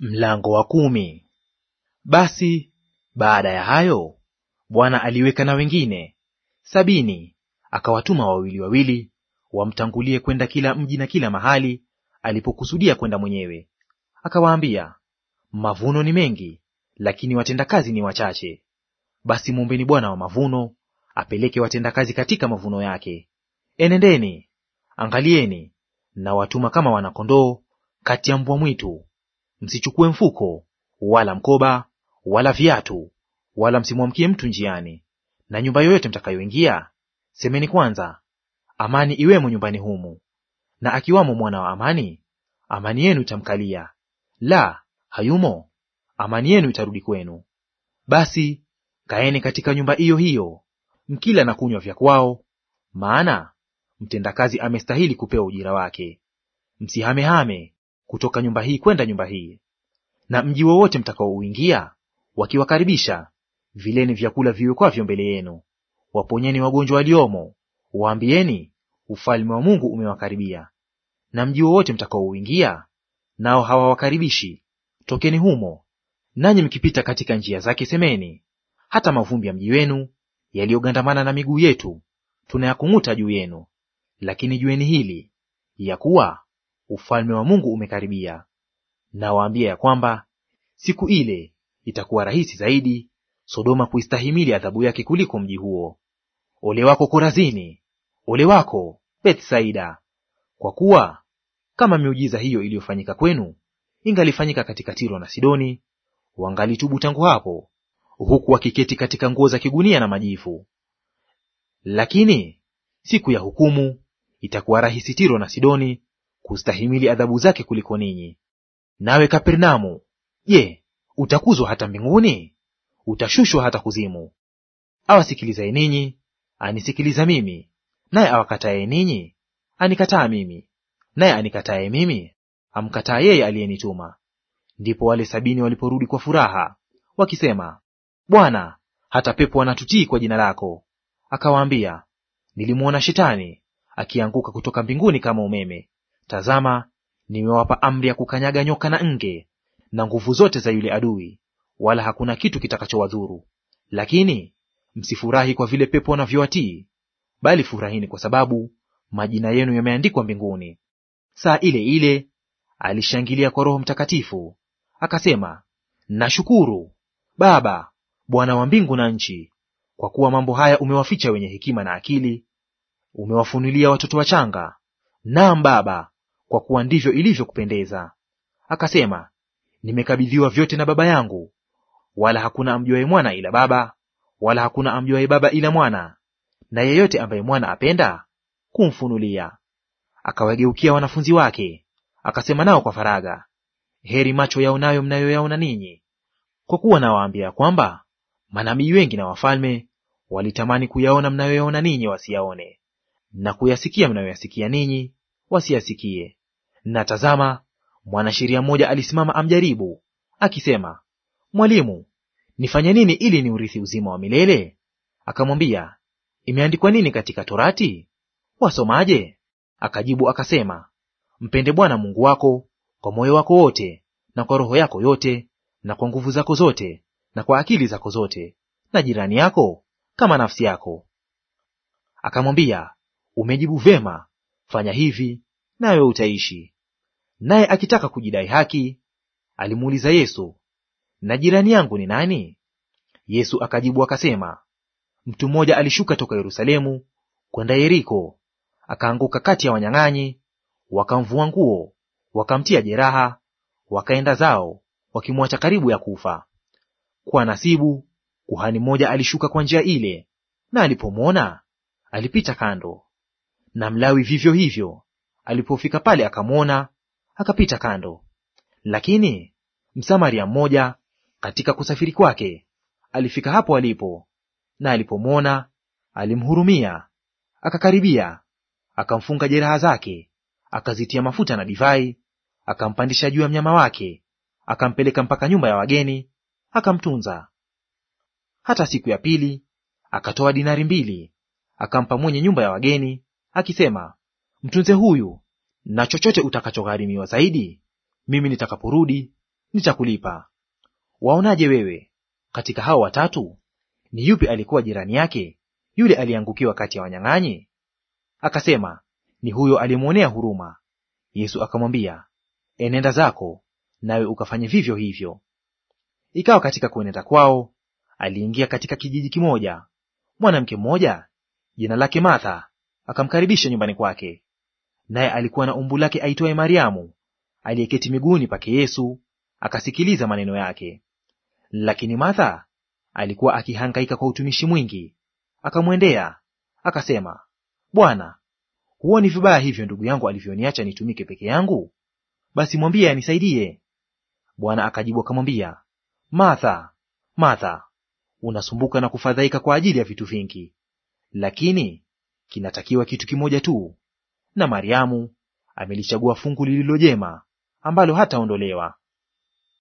Mlango wa kumi. Basi baada ya hayo Bwana aliweka na wengine sabini, akawatuma wawili wawili wamtangulie kwenda kila mji na kila mahali alipokusudia kwenda mwenyewe. Akawaambia, mavuno ni mengi, lakini watendakazi ni wachache. Basi mwombeni Bwana wa mavuno apeleke watendakazi katika mavuno yake. Enendeni, angalieni, na watuma kama wanakondoo kati ya mbwa mwitu Msichukue mfuko wala mkoba wala viatu, wala msimwamkie mtu njiani. Na nyumba yoyote mtakayoingia, semeni kwanza, amani iwemo nyumbani humu; na akiwamo mwana wa amani, amani yenu itamkalia; la hayumo, amani yenu itarudi kwenu. Basi kaeni katika nyumba hiyo hiyo, mkila na kunywa vya kwao, maana mtendakazi amestahili kupewa ujira wake. Msihamehame kutoka nyumba hii kwenda nyumba hii. Na mji wowote mtakaouingia, wakiwakaribisha, vileni vyakula viwekwavyo mbele yenu. Waponyeni wagonjwa waliomo, waambieni, ufalme wa Mungu umewakaribia. Na mji wowote mtakaouingia, nao hawawakaribishi, tokeni humo. Nanyi mkipita katika njia zake, semeni, hata mavumbi ya mji wenu yaliyogandamana na miguu yetu tunayakung'uta juu yenu. Lakini jueni hili ya kuwa ufalme wa Mungu umekaribia. Nawaambia ya kwamba siku ile itakuwa rahisi zaidi Sodoma kuistahimili adhabu yake kuliko mji huo. Ole wako Korazini! Ole wako Bethsaida! Kwa kuwa kama miujiza hiyo iliyofanyika kwenu ingalifanyika katika Tiro na Sidoni, wangalitubu tangu hapo, huku wakiketi katika nguo za kigunia na majivu. Lakini siku ya hukumu itakuwa rahisi Tiro na Sidoni kustahimili adhabu zake kuliko ninyi. Nawe Kapernaumu, je, utakuzwa hata mbinguni? Utashushwa hata kuzimu. Awasikilizaye ninyi anisikiliza mimi, naye awakataye ninyi anikataa mimi, naye anikataye mimi amkataa yeye aliyenituma. Ndipo wale sabini waliporudi kwa furaha wakisema, Bwana, hata pepo wanatutii kwa jina lako. Akawaambia, nilimwona Shetani akianguka kutoka mbinguni kama umeme. Tazama, nimewapa amri ya kukanyaga nyoka na nge na nguvu zote za yule adui, wala hakuna kitu kitakachowadhuru. Lakini msifurahi kwa vile pepo wanavyowatii, bali furahini kwa sababu majina yenu yameandikwa mbinguni. Saa ile ile alishangilia kwa Roho Mtakatifu akasema, nashukuru Baba, Bwana wa mbingu na nchi, kwa kuwa mambo haya umewaficha wenye hekima na akili, umewafunulia watoto wachanga. Naam Baba, kwa kuwa ndivyo ilivyokupendeza. Akasema, nimekabidhiwa vyote na Baba yangu, wala hakuna amjuaye mwana ila Baba, wala hakuna amjuaye Baba ila Mwana, na yeyote ambaye Mwana apenda kumfunulia. Akawageukia wanafunzi wake akasema nao kwa faraga heri macho yaonayo mnayoyaona ninyi, kwa kuwa nawaambia kwamba manabii wengi na wafalme walitamani kuyaona mnayoyaona ninyi wasiyaone, na kuyasikia mnayoyasikia ninyi wasiyasikie. Na tazama, mwanasheria mmoja alisimama amjaribu, akisema, Mwalimu, nifanye nini ili niurithi uzima wa milele? Akamwambia, imeandikwa nini katika Torati? Wasomaje? Akajibu akasema, mpende Bwana Mungu wako kwa moyo wako wote na kwa roho yako yote na kwa nguvu zako zote na kwa akili zako zote, na jirani yako kama nafsi yako. Akamwambia, umejibu vema, fanya hivi nawe utaishi. Naye akitaka kujidai haki, alimuuliza Yesu, na jirani yangu ni nani? Yesu akajibu akasema, mtu mmoja alishuka toka Yerusalemu kwenda Yeriko, akaanguka kati ya wanyang'anyi, wakamvua nguo, wakamtia jeraha, wakaenda zao, wakimwacha karibu ya kufa. Kwa nasibu kuhani mmoja alishuka kwa njia ile, na alipomwona alipita kando. Na Mlawi vivyo hivyo, alipofika pale akamwona, akapita kando. Lakini Msamaria mmoja katika kusafiri kwake alifika hapo alipo, na alipomwona alimhurumia, akakaribia, akamfunga jeraha zake, akazitia mafuta na divai, akampandisha juu ya mnyama wake, akampeleka mpaka nyumba ya wageni, akamtunza. Hata siku ya pili akatoa dinari mbili akampa mwenye nyumba ya wageni, akisema, mtunze huyu na chochote utakachogharimiwa zaidi, mimi nitakaporudi nitakulipa. Waonaje wewe, katika hao watatu ni yupi alikuwa jirani yake yule aliangukiwa kati ya wanyang'anyi? Akasema, ni huyo alimwonea huruma. Yesu akamwambia, enenda zako, nawe ukafanye vivyo hivyo. Ikawa katika kuenenda kwao, aliingia katika kijiji kimoja, mwanamke mmoja jina lake Martha akamkaribisha nyumbani kwake naye alikuwa na umbu lake aitwaye Mariamu, aliyeketi miguuni pake Yesu, akasikiliza maneno yake. Lakini Martha alikuwa akihangaika kwa utumishi mwingi, akamwendea akasema, Bwana, huoni vibaya hivyo ndugu yangu alivyoniacha nitumike peke yangu? Basi mwambie anisaidie. Bwana akajibu akamwambia, Martha, Martha, unasumbuka na kufadhaika kwa ajili ya vitu vingi, lakini kinatakiwa kitu kimoja tu na Mariamu amelichagua fungu lililo jema, ambalo hataondolewa.